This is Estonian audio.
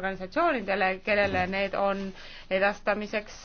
organisatsioonidele, kellele need on edastamiseks